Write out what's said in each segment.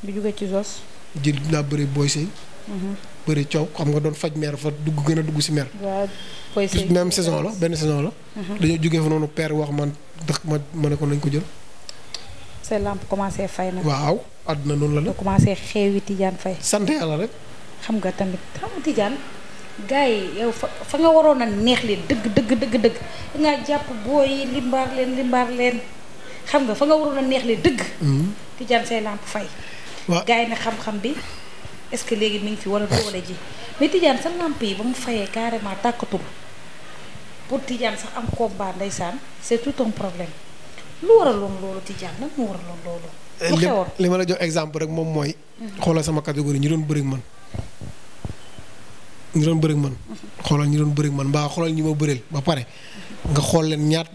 bi jóge ci Zos. ji dinaa bëri Boy Sey. Mhm. bëri coow xam nga doon faj meer fa dugg gën a dugg si mer. même saison la benn saison la. Mhm. dañoo ma ne ko nañ ko jël. seen lamp fay nag. waaw àdduna noonu la la. commencé xeewi Tidiane Faye. sant yàlla rek. xam nga tamit xam nga yi yow fa fa nga waroon a neex li dëgg dëgg dëgg dëgg jàpp booy limbaar leen limbaar leen xam nga fa nga waroon a neex leen dëgg. Mhm. Tidiane say lamp fay. waaw gars yi ne xam-xam bi est-ce que léegi mi ngi fi wala doole ji mais Tidiane sa làmp yi ba mu fayee carrément tàkkatul pour Tidiane sax am combat ndeysaan c'est tout un problème lu waraloon loolu Tidiane lan moo waraloon loolu. lu xewoon li ma la jox exemple rek moom mooy. Mhm. xoolal sama catégorie ñi doon bëri man. ñu doon bëri man. Mhm. xoolal ñu doon bëri man mbaa xoolal ñu ma bëreel ba pare. Mhm. nga xool leen ñaat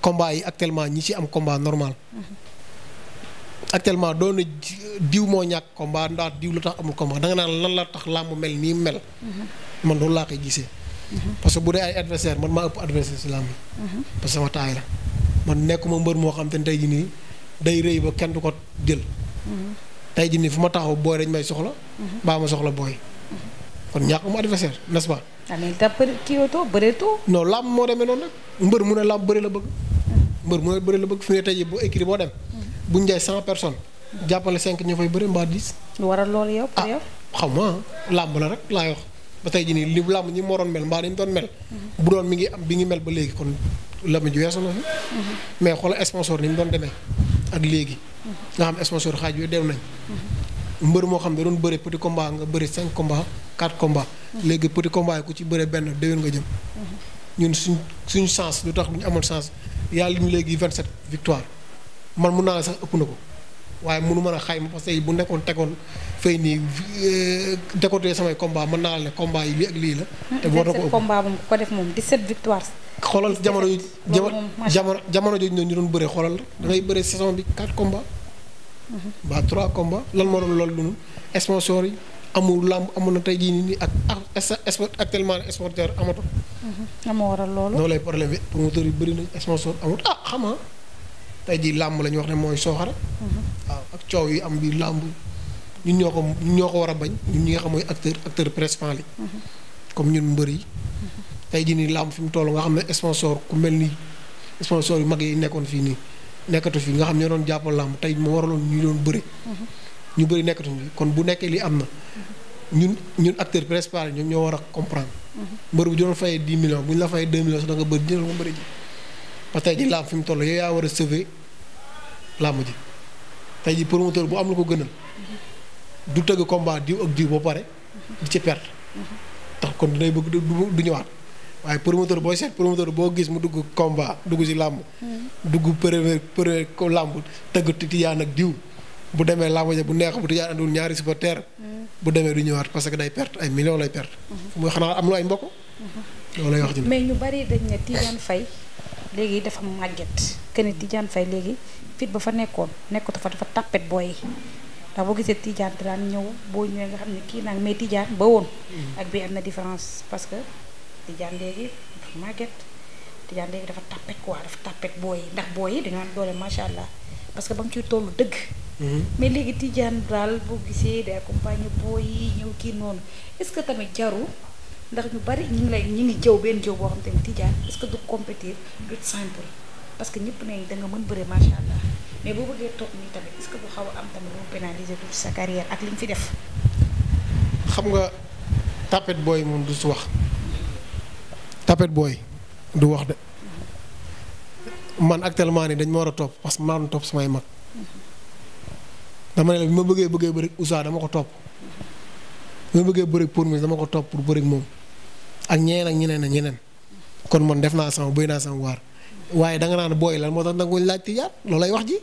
combat yi actuellement ñi ci am combat normal. actuellement doon na diw moo ñàkk combat ndax diw lu tax amul combat danga naan lan la tax làmb mel nii mel. Mhm. man doon laa koy gisee. Mhm. parce que bu dee ay adversaire man maa ëpp adversaire si làmb. Mhm. parce que sama taay la man nekkuma mbër moo xam te ne tey jii nii day rëy ba kenn du ko jël. tey jii nii fu ma taxaw booy dañ may soxla. mbaa ma soxla booy. kon ñàkk mu adversaire n'est-ce pas. amiin ah, te kiiwatoo bëreetoo. non làmb moo demee noonu nag mbër mu ne làmb bëri la bëgg. mbër mu ne bëri la bëgg fi ne tey jii bu boo dem. buñ dee cent personnes. jàppale cinq ñoo fay bëri mbaa dix. lu waral loolu yow pour ah yow. xaw ma làmb la rek laa wax ba tey jii nii li làmb ñi moroon mel mbaa dañu doon mel. Mhm. bu doon mi ngi am bi ngi mel ba léegi kon làmb ji weesu na fi. Mhm. mais xoolal sponsor ni mu doon demee ak léegi. Mhm. nga xam sponsor xaaj yooyu dem nañ. mbër moo xam ne doon bëre petit combat nga bëri cinq combat quatre combat léegi petit combat ku ci bëre benn déwén nga jëm. ñun suñ suñu chance lu tax bu ñu amoon chance yàlla léegi vingt sept victoire. man mun naa la sax ëpp na ko waaye munu mën a xayma parce que bu nekkoon tegoon fay nii euh, décoté samay combat mën naa la ne combat yi lii lii la. te war na ko ëpp combat moom 17 victoires. xoolal jamono yu jamono jamono jooju ñu doon bëree xoolal da ngay saison bi 4 combats. Mhm. ba 3 lan moo doon loolu noonu yi amul làmb amul na tey jii nii ak ak actuellement exporteur amatul. Mhm. amoo waral loolu. loolay problème bi promoteurs yi bëri nañ sponsor amul ah xam nga tey jii làmb la ñu wax ne mooy sooxara waaw ak coow yi am biir làmb ñun ñoo ko ñun ñoo ko war a bañ ñun ñi nga xam mooy acteur acteur principal yi comme ñun mbër yi tey jii nii làmb fi mu toll nga xam ne sponsor ku mel ni sponsor yu mag yi nekkoon fii nii nekkatu fii nga xam ñoo doon jàppal làmb tey moo waraloon ñu doon bëri ñu bëri nekkatu fi kon bu nekkee li am na ñun ñun acteur principal ñoom ñoo war a comprendre mbër bu doon fayee 10 millions la fayee 2 millions sax da nga bëri dina parce que tey jii làmb fi mu toll yow yaa war a sauver làmb ji tey jii promoteur bu am lu ko gënal du tëgg combat diw ak diw ba pare di ci perte tax kon dinay bëgg du ñëwaat waaye promoteur booy seet promoteur boo gis mu dugg combat dugg ci làmb dugg premier premier làmb tëgg tijaan ak diw bu demee làmb ja bu neex bu tijaan andul ñaari supporter bu demee du ñëwaat parce que day perte ay millions lay perte mooy mhm. xanaa am lu ay mbokk mhm. loolu lay wax ji mais ñu bari léegi dafa màgget kenn Tidiane fay léegi fit ba fa nekkoon nekkatu fa dafa tàppet booy ndax boo gisee Tidiane daan ñëw boo ñëwee nga xam ne kii nag mais Tidiane ba woon. Mm-hmm. ak bii différence parce que Tidiane léegi dafa màgget Tidiane léegi dafa tàppet quoi dafa tàppet booy yi ndax booy yi dañoo am allah parce que ba mu ciy tollu dëgg. Mm-hmm. mais léegi Tidiane daal boo gisee de accompagner booy yi ñëw kii noonu est-ce que tamit jaru ndax ñu bari ñu ngi lay ñu ngi jëw benn jëw boo xam te ni Tidiane est que du compétir parce que ñëpp ne da nga mën bëre macha allah mais boo bëggee toog nii tamit est que bu xaw am tamit ak li fi def. xam nga tapet booy moom du su wax tapet booy du wax de man actuellement yi dañ ma war a topp parce que maa topp samay mag dama ne la bi ma bëggee bëggee bëri Ousa dama ko topp. bi ma bëggee bëri pour mu dama ko topp pour bërik moom. ak ñeneen ak ñeneen ak ñeneen kon man def naa sama béy naa sama waar waaye danga naan booy lan moo tax nanguñ laaj tijaar loolay wax ji.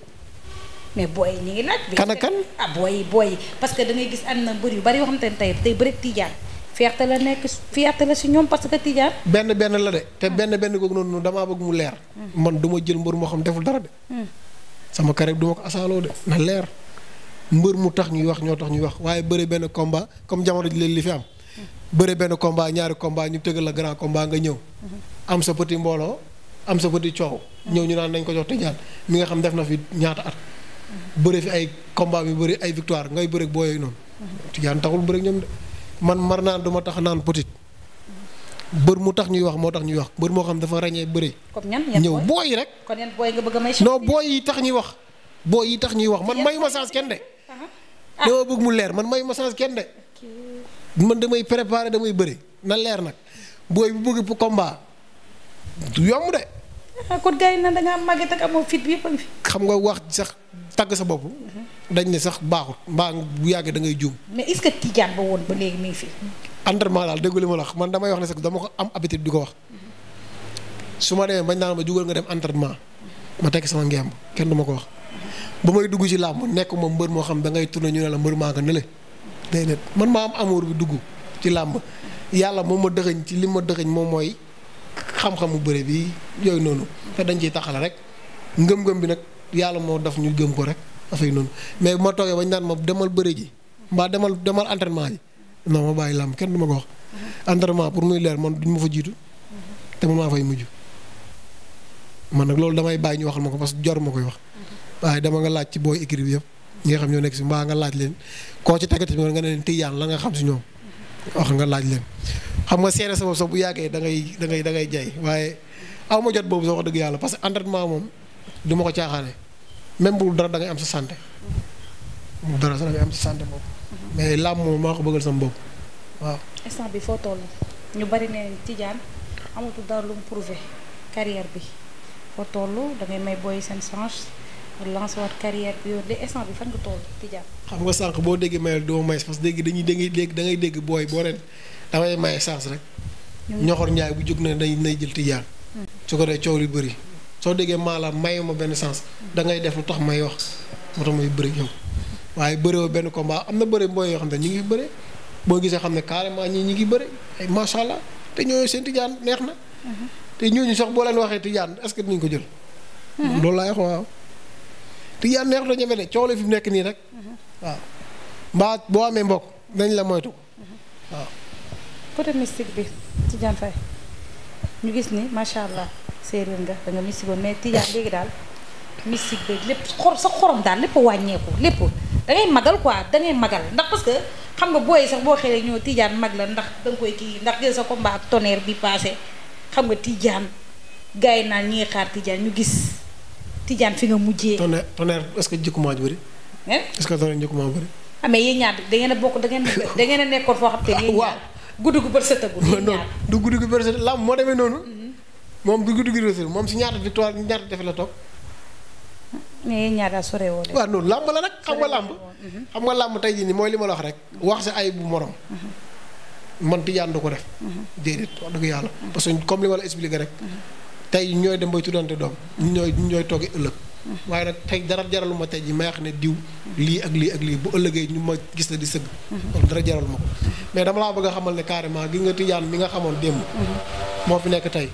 mais booy yi ñu ngi laaj. kan ak kan ah booy booy parce que da gis am na mbër yu bari yoo xam te ne tey tey bëri tijaar fierté la nekk fierté la si ñoom parce que tijaar. benn benn la de te ah. benn benn googu noonu damaa bëgg mu leer. Hmm. man du ma jël mbër moo xam deful dara de. Hmm. sama kare du ma ko asaaloo de na leer mbër mu tax ñuy wax ñoo tax ñuy wax waaye bëri benn combat comme jamono ji leen li bëre benn combat ñaari combat ñu tëggal la grand combat nga ñëw. am sa petit mbooloo am sa petit coow. ñëw ñu naan nañ ko jox Tidiane mi nga xam def na fi ñaata at. bëre fi ay combat bi bëri ay victoire ngay bëre boo yooyu noonu. Tidiane taxul bëre ñoom de man mar naan du ma tax naan petit. bër mu tax ñuy wax moo tax ñuy wax bër moo xam dafa ràññee bëre. comme ñan ñan ñëw booy rek. kon ñan booy nga bëgg a may. yi tax ñuy wax. booy yi tax ñuy wax man mayu ma chance kenn de. dama ah. bëgg mu leer man mayu ma chance kenn man damay préparer damay bëri na leer nag booy bu bëgg pour combat du yomb de. Ah, kon gars na naan da ngaa màgget ak amoo fit bi yëpp fi. xam nga wax sax tàgg sa bopp. dañ ne sax baaxut mbaa bu yàggee da ngay juum. mais est-ce que Tidiane ba woon ba léegi daal déggu li ma la man damay wax ne sax dama ko am habitude di ko wax su ma demee bañ naan ma jugal nga dem entraînement ma tekk sama ngemb kenn du ma ko wax. ba may dugg ci làmb nekk ma mbër moo xam da ngay tourné ñu ne la mbër maa nga nële. déedéet man maa am amour bi dugg ci làmb yàlla moom ma dëxëñ ci li ma dëxëñ moom mooy xam mu bëre bi yooyu noonu te dañ ciy taxale rek ngëm-ngëm bi nag yàlla moo daf ñu gëm ko rek affaire noonu mais bu ma toogee bañ daan ma demal bëre ji mbaa demal demal entraînement yi non ma bàyyi làmb kenn du ma ko wax. Mm-hmm. entraînement pour muy leer man duñ ma fa jiitu mm-hmm. te man maa fay mujj man nag loolu damay bàyyi ñu waxal ma ko parce que jor ma koy wax mm-hmm. waaye dama nga laaj ci booy écrit bi yëpp. ñi nga xam ñoo nekk si mbaa nga laaj leen koo ci tàggat nga ne leen tijaan la nga xam si ñoom wax nga laaj leen xam nga seere sa bopp sax bu yàggee da ngay da ngay da ngay jaay waaye aw ma jot boobu sax wax dëgg yàlla parce que entraînement moom du ma ko caaxaane même bu dara da ngay am sa santé dara sax da am sa santé boobu mais làmb moom maa ko bëggal sama bopp waaw. instant bi foo toll ñu bari ne tijaan amatul dara lu mu prouvé carrière bi foo toll da ngay may booy seen chance. pour lancer waat carrière bi yow de instant xam nga sànq boo déggee mayal doo may parce que dégg dañuy dégg da ngay dégg booy boo ren damay maye chance rek. ñoxor njaay bu jóg na day nay jël tijaan. Hmm. su ko dee coow lu bëri. soo déggee maanaam mayuma benn sens hmm. da ngay def lu tax may wax moo tax may bëri yow waaye bëriwoo benn combat am na bëri mbooy yoo xam ne ñu ngi bëri boo gisee xam ne carrément ñii ñu ngi bëri ay macha allah te ñooñu seen tijaan neex na. Hmm. te ñooñu sax boo leen waxee tijaan est-ce que dinañ ko jël. loolu laay wax waaw. te yaa neexut a ñeme de coow la fi mu nekk nii rek waaw mbaa boo amee mbokk nañ la moytu waaw. côté mystique bi Tidiane Faye ñu gis ni macha allah séeréer nga da nga mystique woon mais Tidiane daal mystique bi lépp xor sa xorom daal lépp wàññeeku lépp da ngay magal quoi da ngay magal ndax parce que xam nga booy sax boo xëyee ñoo Tidiane mag la ndax da koy kii ndax jël sa combat ak tonnerre bi passé xam nga Tidiane gars yi naan ñi xaar Tidiane ñu gis. Tidiane fi nga mujjee. tonnerre tonnerre est-ce que njëkkumaa ji bëri. est-ce que tonnerre njëkkumaa bëri. ah mais yéen ñaar da ngeen a bokk da ngeen da ngeen a nekkoon foo xam te yéen ñaar guddi gu bër sëtagul. non du guddi gu bër sëtagul lamb moo demee noonu. Mhm. moom du guddi gu bër sëtagul moom si ñaata victoire ñaata defe la toog. mais yéen ñaar daal soreewoo de. waaw noonu lamb la nag xam nga lamb. Mhm. xam nga lamb tey jii nii mooy li ma la wax rek. wax sa ay bu morom. Mhm. man Tidiane du ko def. déedéet wax dëgg yàlla parce que comme li ma la expliqué rek. tey ñooy dem bay tuddante doom ñu ñooy ñu ñooy toogee ëllëg mm-hmm. waaye nag tey dara jaralu ma tey ji may wax ne diw lii ak lii ak lii bu ëllëgee ñu ma gis la di sëgg mm-hmm. kon dara jaralu ma mm-hmm. mais dama bëgg a xamal ne carrément gi nga tijaan mi nga xamoon démb moo fi nekk tey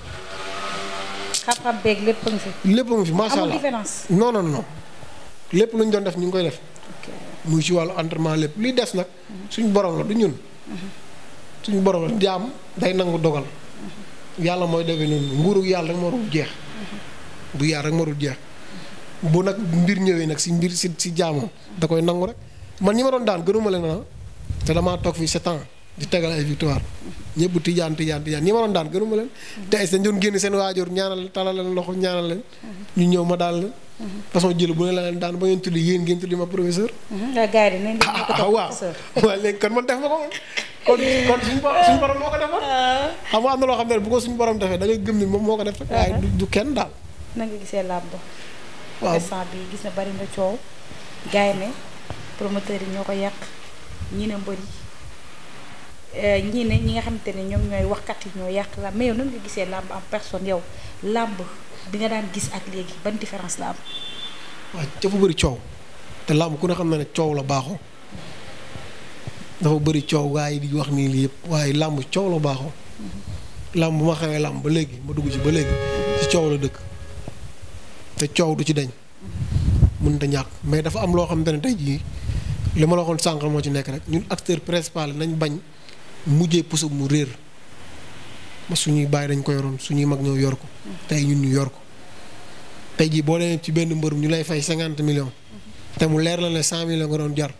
xam lépp nga fi lépp fi macha allah amul différence lépp lu doon def ñu ngi koy def muy ci wàllu entraînement lépp li des nag suñu borom la du ñun suñu borom la jaam day nangu dogal yàlla mooy defee noonu nguuru yàlla rek moo dul jeex bu yàlla rek moo jeex bu nag mbir ñëwee nag si mbir si si jaamam da koy nangu rek man ñi ma doon daan gënuma leen ah te damaa toog fii sept ans di tegal ay victoire ñëpp tijaan tijaan tijaan ñi ma daan gënuma leen te ay seen doon génn seen waajur ñaanal talal loxo ñaanal leen ñu ñëw ma daal la façon jël bu ne la leen daan ba ngeen tuddi yéen ngeen tuddi ma professeur. Ah, waaw léegi kon man def ma ko kon kon suñu suñu borom moo ko defoon. Ah. xam nga am na loo xam ne bu ko suñu borom defee da ngay gëm ni moom moo ko def rek. waaye du kenn daal. na nga gisee làmb. waaw instant bi gis na bari na coow. gars yi ne promoteurs yi ñoo ko yàq ñii ne mbër yi eh, ñii ne ñi nga xamante ne ñoom ñooy waxkat yi ñoo yàq làmb mais yow nan nga gisee làmb en personne yow làmb bi nga daan gis ak léegi ban différence la am. waaw ca fu bëri coow te làmb ku ne xam na ne coow la baaxoo. dafa bari coow waaye di wax nii lii yëpp waaye làmb coow la baaxoo làmb bu ma xamee làmb ba léegi ma dugg ci ba léegi ci coow la dëkk te coow du ci dañ mënut te ñàkk mais dafa am loo xamante ne tey jii li ma la sànq moo ci nekk rek ñun acteur principal nañ bañ mujjee puso mu réer ma suñuy bàyyi dañ ko yoroon suñuy mag ñëw yor ko tey ñun ñu yor ko tey jii boo demee ci benn mbëru ñu lay fay cinquante millions te mu leer la ne cent millions nga doon jar.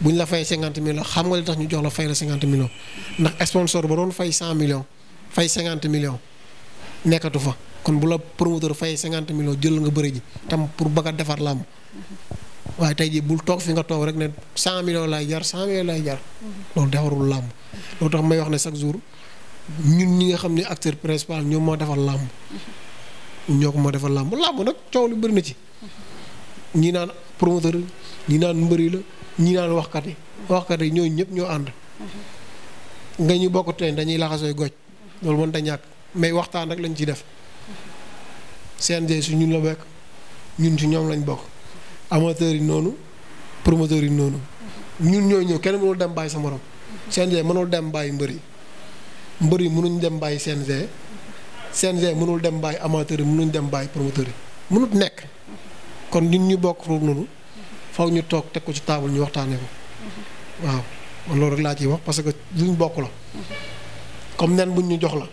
bu ñu la fay cinquante millions xam nga li tax ñu jox la fay la cinquante millions ndax sponsor ba doon fay cent millions fay cinquante millions nekkatu fa kon bu la promoteur fay cinquante millions jël nga bëri ji tam pour bëgg a defar làmb waaye tey jii bul toog fi nga toog rek ne cent millions lay jar cent millions lay jar loolu defarul làmb loolu tax may wax ne chaque jour ñun ñi nga xam ne acteur principal ñoom moo defar làmb ñoo ko moo defar làmb làmb nag coow lu bëri na ci ñi naan promoteur ñi naan mbëri la. ñi naan waxkat yi waxkat yi ñooñu ñëpp ñoo ànd nga ñu bokk teen dañuy laxasooy goj loolu da ñàkk mais waxtaan rek lañu ci def CNG su ñun la bekk ñun si ñoom lañ bokk amateurs yi noonu promoteurs yi noonu ñun ñooy ñëw kenn mënul dem bàyyi sa morom CNG mënul dem bàyyi mbër yi mbër yi mënuñ dem bàyyi CNG CNG mënul dem bàyyi amateurs yi mënuñ dem bàyyi promoteurs yi mënut nekk kon ñun ñu bokk foofu noonu faw ñu toog teg ko ci taabal ñu waxtaane ko waaw man loolu rek laa ciy wax parce que luñ bokk la comme nen buñ ñu jox la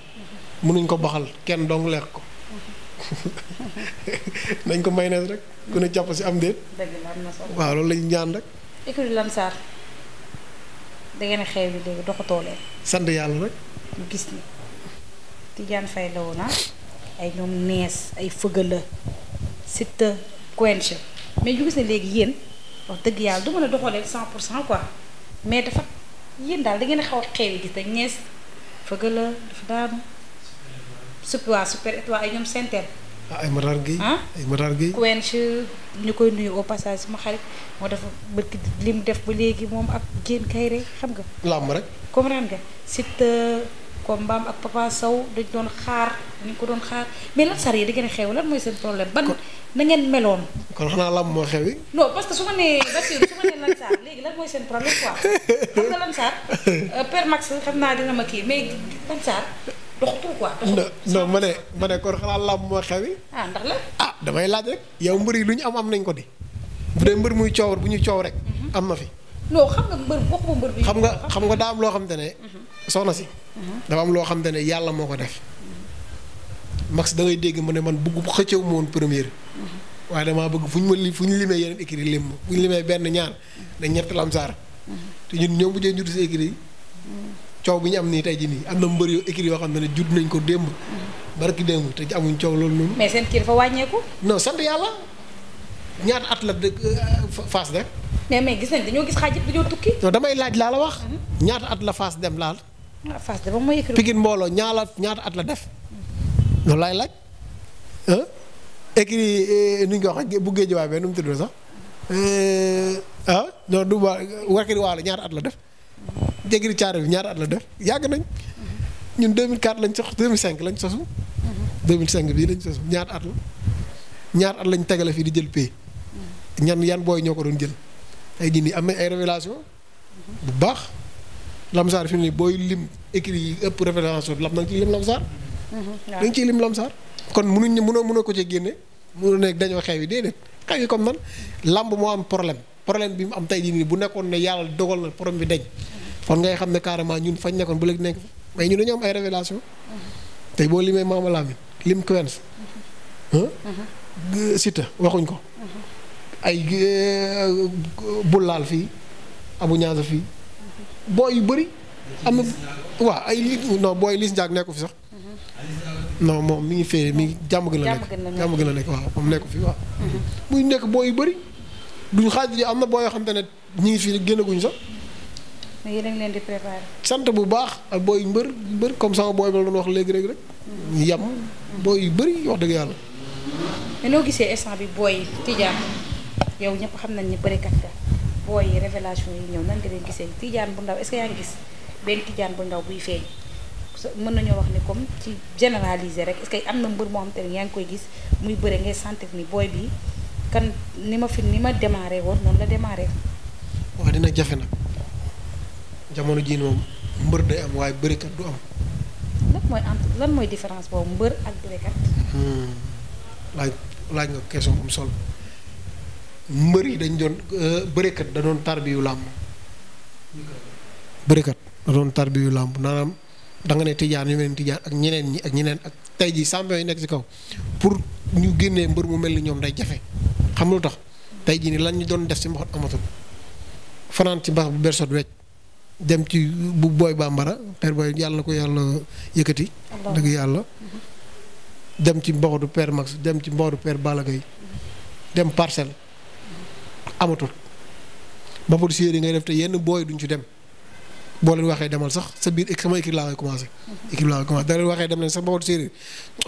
mënuñ ko baxal kenn dong lekk ko nañ ko may rek ku ne jàpp si am déet. na solo waaw loolu la ñu ñaan rek. écurie Lansar da ngeen léegi doxatoo leen. sant yàlla rek. ñu gis ni Tidiane Faye la woon ah. ay ñoom nees ay fëgala site coinche mais ñu gis ne léegi yéen. wax dëgg yàlla du mën a doxalee cent pour cent quoi mais dafa yéen daal dangeen ngeen a xaw a xeewi gis rek ñees fëgg la dafa daanu supp waa super étoile ay ñoom senteel ah ay Matar Gueye ah ay Matar Gueye Quench ñu koy nuyu au passage sama xarit moo dafa bëgg li mu def ba léegi moom ak Diène Kairé xam nga. làmb rek. comprendre nga euh, mbaam ak papa saw dañ doon xaar dañ ko doon xaar mais lan sar yi da ngeen xew lan mooy seen problème ban na ngeen meloon. kon xanaa lam moo xewi. non parce que su léegi lan mooy seen problème quoi xam euh, xam naa dina ma kii mais lan sar ma ne ma ne kon xanaa lam moo ah, la. ah damay laaj yow mbër yi lu ñu am am nañ ko di bu dee mbër muy coow bu ñu coow rek. Mhm. am na fi. non xam nga mbër waxuma mbër bi. xam nga xam nga daa am loo xamante ne. soxna si. Mhm. dafa am loo xamante ne yàlla moo ko def. max da ngay dégg ma ne man bëgg xëccew ma woon première. Mhm. waaye damaa bëgg fu ñu ma li fu ñu limee yeneen écrit lim ma fu ñu limee benn ñaar dañ ñett lamsaar. Mhm. te ñun ñoom bu dee judd si écrit coow bi ñu am nii tey jii nii am na mbër yoo écrit yoo xam ne judd nañ ko démb. barki démb te amuñ coow loolu noonu. mais seen kii dafa wàññeeku. non sant yàlla ñaata at la dëkk euh, Fass de. mais mais dañoo gis xaaj yëpp dañoo tukki. damay laaj laa la wax. ñaata at la fas dem laal. ah Fass de moom mooy Pikine mbooloo ñaata at la def. loolu laay laaj ah. écrit eh, nu ñu ko waxee bu géej waay bee nu mu tudd sax eh, ah non du ma wakiri waalo ñaata at la def. écrit caare bi ñaata at la def yàgg nañ. ñun 2004 lañ sox 2005 lañ sosu. 2005 bii lañ sosu ñaata at la ñaata at lañ tegale fii di jël pay ñan yan booy ñoo ko doon jël. ay gi nii am nañ ay révélation bu baax lamsaar fi mu booy lim écrit yi ëpp révélation lam na nga ciy lim lamsaar da mhm, nga ciy lim lamsaar kon mënuñ mënoo mënoo ko ci génne mënoo nekk dañoo xew yi déedéet xew yi comme man lamb moo am problème problème bi mu am tey jii nii bu nekkoon ne yàlla dogal na problème bi dañ kon ngay xam ne carrément ñun fañ nekkoon bu léegi nekk fa mais ñun dañoo am ay révélation mhm. tey boo limee Maama Lamine lim Quench mhm. sita waxuñ ko ay euh, laal fii abu ñaasa fii booy yu bari am na waaw ay li no booy Liss Ndiago nekku fi sax no moom mi ngi fee mi jàmm gën la nekk jàmm gën la nekk waaw moom nekku fi waaw muy nekk booy yu bari duñ xaaj yi am na boo yoo xam ne ñi ngi fii génnaguñ sax mais yéen a ngi leen sant bu baax ak booy yu mbër mbër comme sama booy bi la doon wax léegi rek rek. yam booy yu bari wax dëgg yàlla. mais noo gisee instant bi booy Tidiane yow ñëpp xam nañ ni bërikat ka booy yi révélation yi ñëw nañ nga leen gisee tijaan bu ndaw est que yaa ngi gis benn tijaan bu ndaw buy feeñ mën nañoo wax ni comme ci généraliser rek est-ce que am na mbër moo xam te ne koy gis muy bëre ngay sentir ni booy bi kan ni ma fi ni ma démarré woon noonu la démarré. waaw dina jafe nag jamono jii moom mbër day am waaye bërikat du am. lan mooy entre lan mooy différence boobu mbër ak bërikat. Hmm, laaj laaj nga question am sol mbër yi dañ doon euh, bërekat da doon tarbiyu làmb bërekat da doon tarbiyu làmb naanaam da ne tijaan ñu mel ni tijaan ak ñeneen ñi ak ñeneen ak tey ji champion yi nekk ci kaw pour ñu génnee mbër mu mel ni ñoom day jafe xam lu tax tey jii ni lan ñu doon def ci mbaxut amatul fanaan ci mbax bu bersot wecc dem ci bu booy bambara père booy yàlla na ko yàlla yëkkati dëgg yàlla mhm. dem ci mbaxutu père max dem ci mbaxutu père balagay dem parcelle amatul mbapatu séeréer ngay def te yenn booy duñ ci dem boo leen waxee demal sax sa biir sama équipe laa koy commencé. équipe laa koy commencé da waxee dem leen sax mbapatu séeréer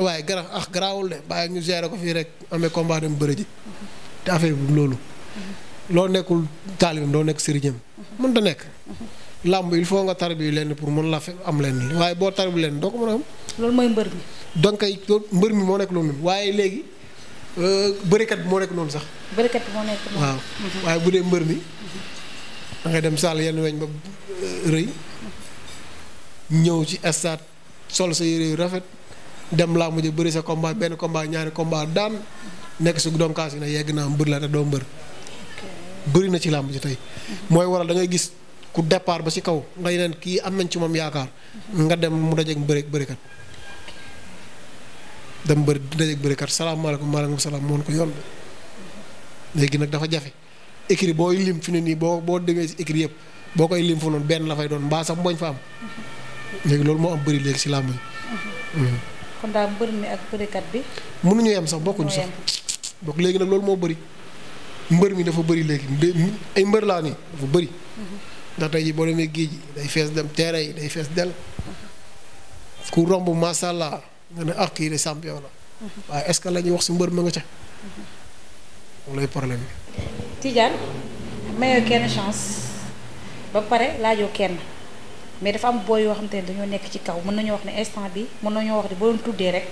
waaye gara ah garaawul de bàyyi ñu gérer ko fii rek amee combat dem bëre ji te affaire bi loolu. loo nekkul taalibam doo nekk sëriñam mën ta nekk. làmb il faut nga bi lenn pour mën la fe am leen waaye boo tarbi leen doo ko mën a am. loolu mooy mbër mi. donc mbër mi moo nekk loolu waaye léegi. Euh, bërikat bi moo nekk noonu sax. bërikat waaw waaye bu dee mbër mi da ngay dem saal yenn weñ ba euh, rëy ñëw ci stade sol sa yére yu rafet dem laa mujj bëri sa combat benn combat ñaari combat daan nekk si doom kaas yi ne yegg naa mbër la te doo mbër. bëri na ci làmb ji tey. mooy waral da ngay gis ku départ ba ci kaw nga yeneen kii am nañ ci moom yaakaar. nga dem mu dajeeg mbëri bërikat. dem bëri dajeeg bërikat salaamaaleykum maaleykum salaam moon ko yoon léegi nag dafa jafe écrit boo lim fi ne nii boo boo demee si écrit yëpp boo koy lim fu noonu benn la fay doon mbaa sax mboñ fa am léegi loolu moo am bëri léegi si làmb yi mm. kon mbër sax bokkuñu sax léegi nag loolu moo bëri mbër mi dafa bëri léegi ay mbër laa nii dafa bëri. Mm-hmm. ndax tey jii boo demee géej gi day fees dem teere yi day fees del ku romb macha nga ne ah kii de champion waaye est-ce que la wax si mbër ma nga ca moom lay problème bi Tidiane mayoo kenn chance ba pare laajoo kenn mais dafa am booy yoo xam te ne dañoo nekk ci kaw mën nañoo wax ne instant bi mën nañoo wax ne boo doon tuddee rek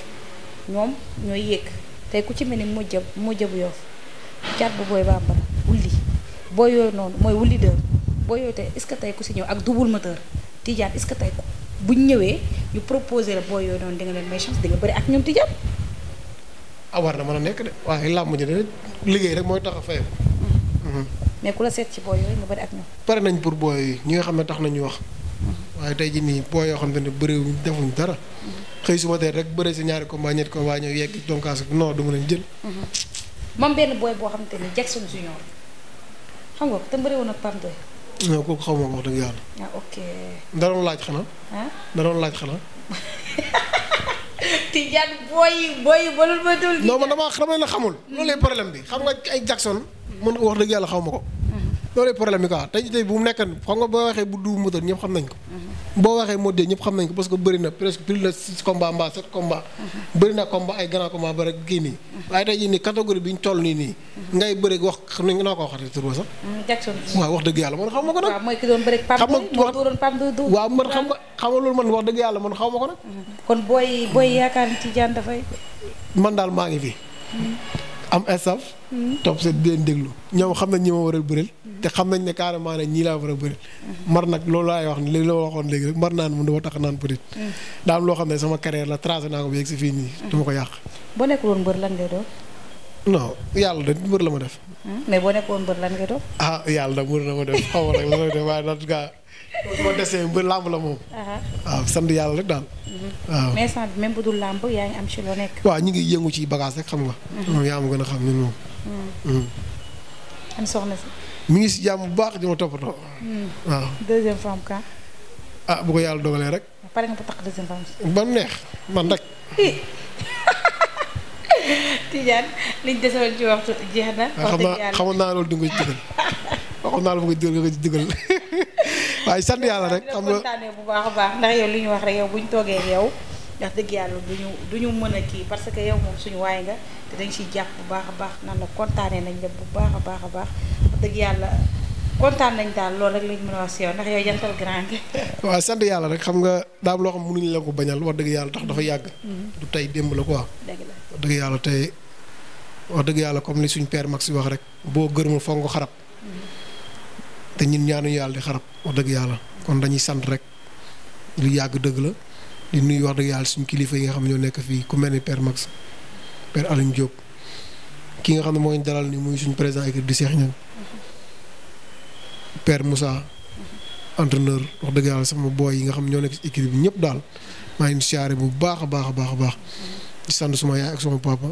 ñoom ñooy yéeg tey ku ci mel ni mu mujj bu yoof caat bu booy bambara wulli booy yooyu noonu mooy wulli dër booy yooyu tey est-ce que tey ku si ñëw ak double moteur Tidiane est-ce que tey buñ ñëwee ñu proposé la boo yooyu noonu di nga leen may chance di nga bëri ak ñoom di jàpp. Ah, na mën a nekk de waaye làmb ji de liggéey rek mooy tax a fay mm-hmm. Mm-hmm. mais ku la seet ci booy yooyu nga bëri ak ñoom. pare nañ pour booy yi ñi nga xam ne tax nañu wax. Mm-hmm. waaye tey ji nii booy yoo xam ne bëriwuñ defuñ dara. xëy suba tey rek bëri si ñaari combat ñetti combat ñëw yegg donkaas non du ma leen jël. moom benn booy boo xamante ni Jackson Junior xam nga te bëriwoon ak Pam non xaw ma dëgg yàlla. Ah, laaj xanaa. Ah? laaj xanaa. Tidiane booy yi booy yi ba loolu ba dul. non man damaa xam ne xamul. loolu lay problème bi xam nga ay Jackson. man wax dëgg yàlla xaw ma ko. loolu problème bi quoi tey tey bu mu nekkan xam nga boo waxee bu duub moto ñëpp xam nañ ko. boo waxee mode ñëpp xam nañ ko parce que na presque plus de six combat mbaa sept combat. bëri na combat ay grand combat ba rek kii nii. waaye tey jii nii catégorie bi ñu toll mm, ma ko nag. daal maa ngi fi mm-hmm. am estaf. Hmm. topp seet di leen déglu ñoom xam nañ ñi ma war a bëril. Hmm. te xam nañ ne carrément ne ñii laa war a bëril. Hmm. mar nag loolu laay wax li la waxoon léegi rek mar naan mu dama tax naan peut-être. daa am loo xam ne sama carrière la tracé naa ko ba yegg si fii nii. dama ko yàq. boo nekkul woon mbër lan ngay doon. non yàlla de mbër la ma def. mais boo nekkul woon mbër lan ngay doon. ah yàlla de mbër la ma def xaw ma nag la ma def waaye en tout moo la moom. Uh-huh. waaw sant mm-hmm. bu ñu ngi yëngu ci bagage mm-hmm. a xam mm-hmm. ngi si jàmm bu baax di ah, ko yàlla dogalee rek. pare ba neex man rek. Tidiane liñ desewoon ci waxtu jeex na. Ah, xam naa xamoon naa loolu di ko ci digal waxoon naa la bu nga ko digal. waaye sant yàlla rek xam nga bu baax a baax ndax li ñu wax rek yow bu ñu toogee yow ndax dëgg yàlla duñu du ñu mën a kii parce que yow suñu waay nga te dañ baax a baax nan la kontaanee nañ bu baax a baax a baax dëgg yàlla kontaan nañ daal loolu rek lañ yàlla rek xam nga daam loo xam mënuñu la ko bañal wax dëgg yàlla tax dafa yàgg. Mm-hmm. du tey démb la quoi. dëgg wax dëgg yàlla tey wax dëgg yàlla comme ni suñ père Max wax rek boo gërmul foog nga xarab mm-hmm. te ñun ñaar ñaanuñu yàlla di xarab wax dëgg yàlla kon dañuy sant rek lu yàgg dëgg la di nuyu wax dëgg yàlla suñ kilifa yi nga xam ne ñoo nekk fii ku mel ni père Max père Alioune ki nga xam ne moo ñu dalal ni muy suñu président équipe di Cheikh Niang père Moussa entraîneur wax dëgg yàlla sama booy yi nga xam ñoo nekk ci équipe bi ñëpp daal maa ngi siyaare bu baax a baax a baax a baax di sant suma yaay ak suma papa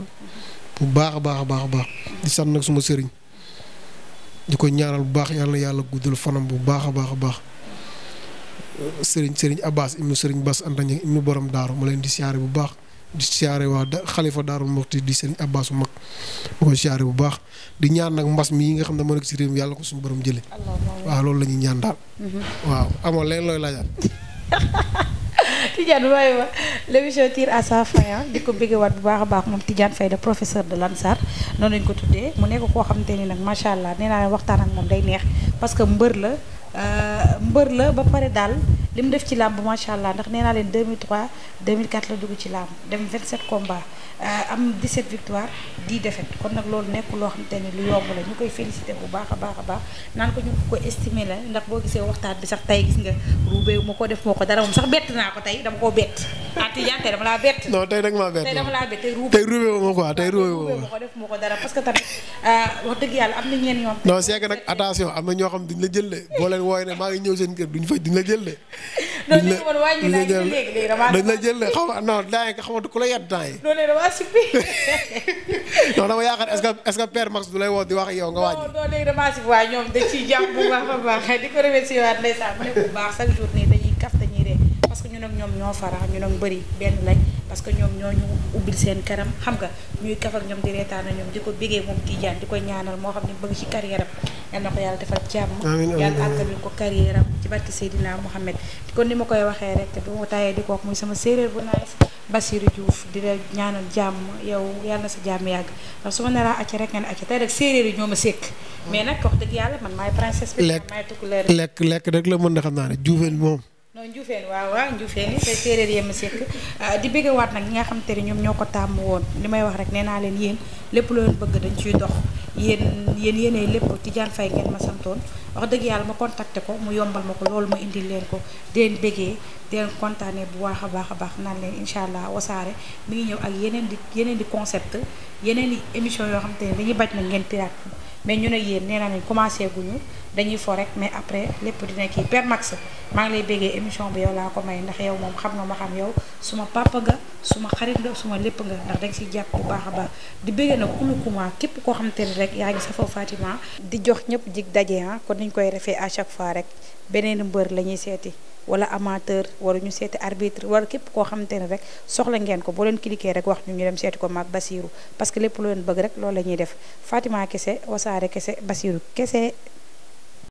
bu baax a baax a baax baax di sant nag suma sëriñ. di ko ñaanal bu baax yàlla na yàlla guddal fanam bu baax a baax a baax sëriñ sëriñ Abbas ibnu sëriñ Bas Antaña ibnu borom daaru ma leen di siyaare bu baax di siyaare waa xalifa daaru Muxti di sëriñ Abbas bu mag ma ko siyaare bu baax di ñaan nag mbas mi yi nga xam ne moo nekk si réew yàlla ko suñu borom jëlee waaw loolu lañuy ñaan daal mhm. waaw amoo leen looy laajaat Tidiane waaye ma à sa fin ah. di ko béggewaat bu baax a baax moom Tidiane Faye de professeur de Lansar noonu lañ ko tuddee mu nekk koo xamante ni nag macha allah nee naa waxtaan ak moom day neex parce que mbër la euh, mbër la ba pare daal li mu def ci làmb macha allah ndax nee naa leen 2003 2004 la dugg ci làmb dem 27 combats euh, am 17 victoire 10 défaites kon nag loolu nekk loo xamante ni lu yomb la ñu koy bu baax a baax a baax naan ndax boo gisee waxtaan bi sax tey gis nga ruubee ko def moo ko dara sax bett naa ko tey dama koo bett atijaan ah, tey dama laa bett. non tey nag maa bett tey dara parce que tamit euh, wax dëgg yàlla am na ñeen ñoom. non c'est que nag attention am na ñoo xam duñ la jël de boo wooy wooyee ne maa ngi ñëw seen kër duñ fa duñ la jël de dañ la jël dañ la jël xaw ma non daañu ko xamatu ku la yedd temps yi. non nee damaa sippi. non dama yaakaar est-ce que est-ce Max du lay woo di wax ak yow nga wàññi. non non léegi damaa sippi waaye ñoom dañ ciy jàpp bu baax a baax di ko remercier waat ndeysaan bu baax chaque jour nii ñun ak ñoom ñoo fara ñun ak bëri benn lañ parce que ñoom ñoo ñu ubbil seen kanam xam nga ñuy kaf ak ñoom di reetaan ñoom di ko bégee moom Tidiane di ko ñaanal moo xam ne bëgg ci carrière am yal na ko yàlla defal jàmm yàlla àggalil ko carrière am ci barki kon ni ma koy waxee rek te bu ma tayee di ko wax muy sama séeréer bu nice Bassirou Diouf di la ñaanal jàmm yow yàlla na sa jàmm yàgg ndax su ma naraa acca rek ngeen acca tey rek séeréer yi ñoo ma sékk mais nag wax dëgg yàlla man maay princesse bi maay tukkuleer lekk lekk rek la mën na xam naa non Ndioufène waaw waaw Ndioufène te séeréer yem sekk ah, di bëggewaat nag ñi nga xamante ni ñoom ñoo ko tàmm woon li may wax rek nee naa leen yéen lépp loo bëgg dañ ciy dox yéen yéen yéenee lépp Tidiane fay ngeen ma santoon wax dëgg yàlla ma contacté ko mu yombal ma ko loolu ma indil leen ko di leen bëggee di leen bu baax a baax a baax naan leen incha allah wasaare mi ngi ñëw ak yeneen di yeneen di concept yeneen di émission yoo xamante ne dañuy baj na ngeen piraat mais ñu ne yéen nee naa leen commencé guñu dañuy fo rek mais après lépp dina kii Père Max maa ngi lay béggee émission bi yow laa ko may ndax yow moom xam nga ma xam yow suma papa nga suma xarit nga suma lépp nga ndax danga si jàpp bu baax a baax di béggee nag ulukuma képp koo xamante ne rek yaa ngi safoo Fatima di jox ñëpp jig daje ah kon niñ koy refee à chaque fois rek beneen mbër la ñuy seeti wala amateur wala ñu seeti arbitre wala képp koo xamante ne rek soxla ngeen ko boo leen cliquer rek wax ñu ñu dem seeti ko maag Basirou parce que lépp lu bëgg rek loolu la ñuy def Fatima kese Wassare kese Basirou kese